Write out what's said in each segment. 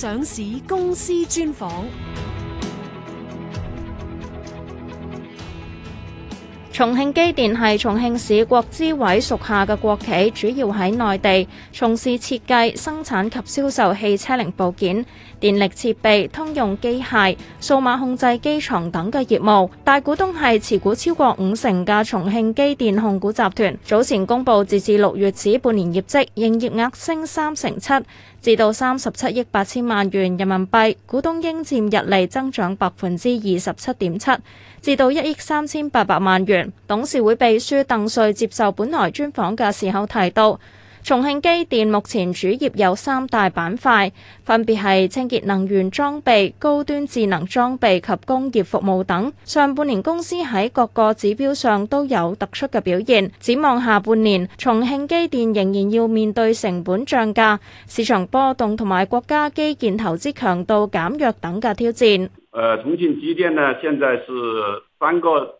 上市公司專訪。重慶機電係重慶市國資委屬下嘅國企，主要喺內地從事設計、生產及銷售汽車零部件。電力設備、通用機械、數碼控制機床等嘅業務，大股東係持股超過五成嘅重慶機電控股集團。早前公布截至六月止半年業績，營業額升三成七，至到三十七億八千萬元人民幣，股東應占溢利增長百分之二十七點七，至到一億三千八百萬元。董事會秘書鄧瑞接受本台專訪嘅時候提到。重慶機電目前主業有三大板塊，分別係清潔能源裝備、高端智能裝備及工業服務等。上半年公司喺各個指標上都有突出嘅表現。展望下半年，重慶機電仍然要面對成本漲價、市場波動同埋國家基建投資強度減弱等嘅挑戰。誒，重慶機電呢，現在是三個。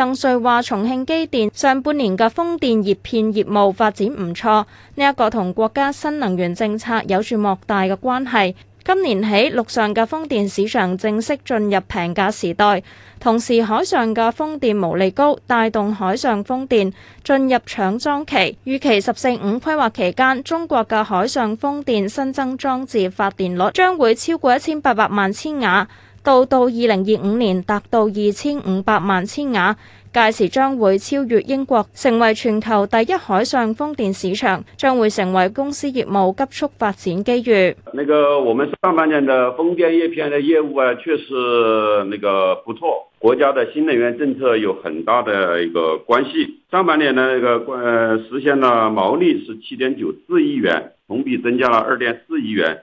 鄧瑞話：重慶機電上半年嘅風電葉片業務發展唔錯，呢、這、一個同國家新能源政策有住莫大嘅關係。今年起，陸上嘅風電市場正式進入平價時代，同時海上嘅風電毛利高，帶動海上風電進入搶裝期。預期十四五規劃期間，中國嘅海上風電新增裝置發電率將會超過一千八百萬千瓦。到到二零二五年達到二千五百萬千瓦，屆時將會超越英國，成為全球第一海上風電市場，將會成為公司業務急速發展機遇。那個我們上半年的風電葉片的業務啊，確實那個不錯，國家的新能源政策有很大的一個關係。上半年呢那個呃實現了毛利是七點九四億元，同比增加了二點四億元。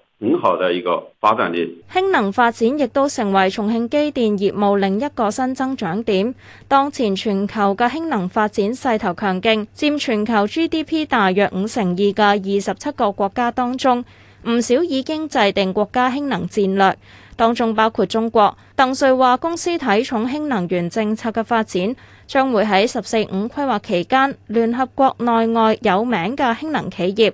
很好的一個發展的。氫能發展亦都成為重慶機電業務另一個新增長點。當前全球嘅氫能發展勢頭強勁，佔全球 GDP 大約五成二嘅二十七個國家當中，唔少已經制定國家氫能戰略，當中包括中國。鄧瑞話公司睇重氫能源政策嘅發展，將會喺十四五規劃期間，聯合國內外有名嘅氫能企業。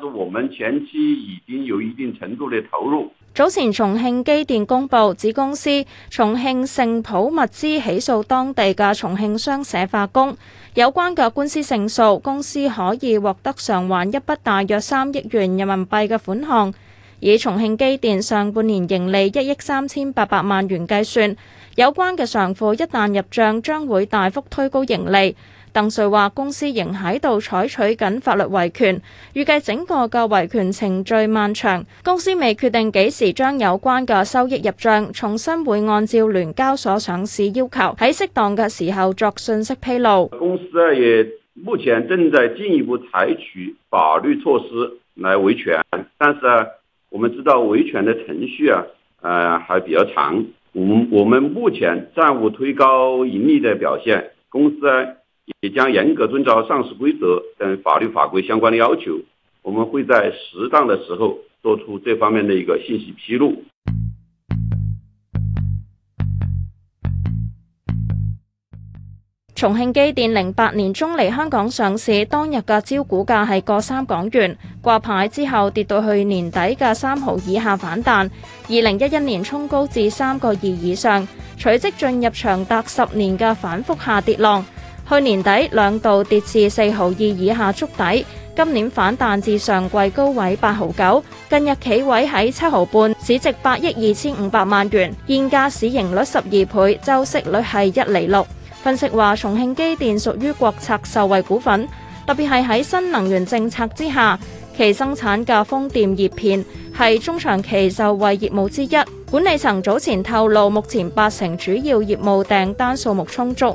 是我們前期已經有一定程度的投入。早前重慶機電公布子公司重慶盛普物資起訴當地嘅重慶商社化工有關嘅官司勝訴，公司可以獲得償還一筆大約三億元人民幣嘅款項。以重慶機電上半年盈利一億三千八百萬元計算，有關嘅償付一旦入賬，將會大幅推高盈利。鄧瑞話：公司仍喺度採取緊法律維權，預計整個嘅維權程序漫長。公司未決定幾時將有關嘅收益入賬，重新會按照聯交所上市要求喺適當嘅時候作信息披露。公司也目前正在進一步採取法律措施來維權，但是我們知道維權嘅程序啊、呃，還比較長。我們我們目前暫無推高盈利的表現，公司也將嚴格遵照上市規則等法律法規相關的要求，我們會在適當的時候做出這方面的一個信息披露。重慶機電零八年中嚟香港上市當日嘅招股價係過三港元，掛牌之後跌到去年底嘅三毫以下反彈，二零一一年衝高至三個二以上，隨即進入長達十年嘅反覆下跌浪。去年底兩度跌至四毫二以下觸底，今年反彈至上季高位八毫九，近日企位喺七毫半，市值八億二千五百萬元，現價市盈率十二倍，周息率係一厘六。分析話，重慶機電屬於國策受惠股份，特別係喺新能源政策之下，其生產嘅風電葉片係中長期受惠業務之一。管理層早前透露，目前八成主要業務訂單數目充足。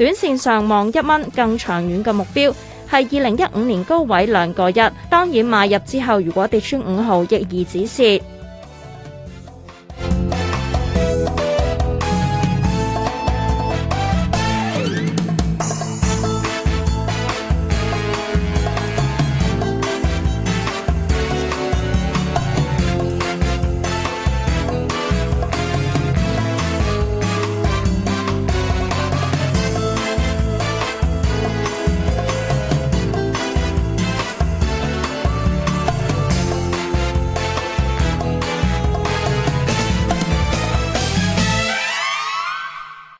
短線上望一蚊，更長遠嘅目標係二零一五年高位兩個一。當然買入之後，如果跌穿五毫亦而止蝕。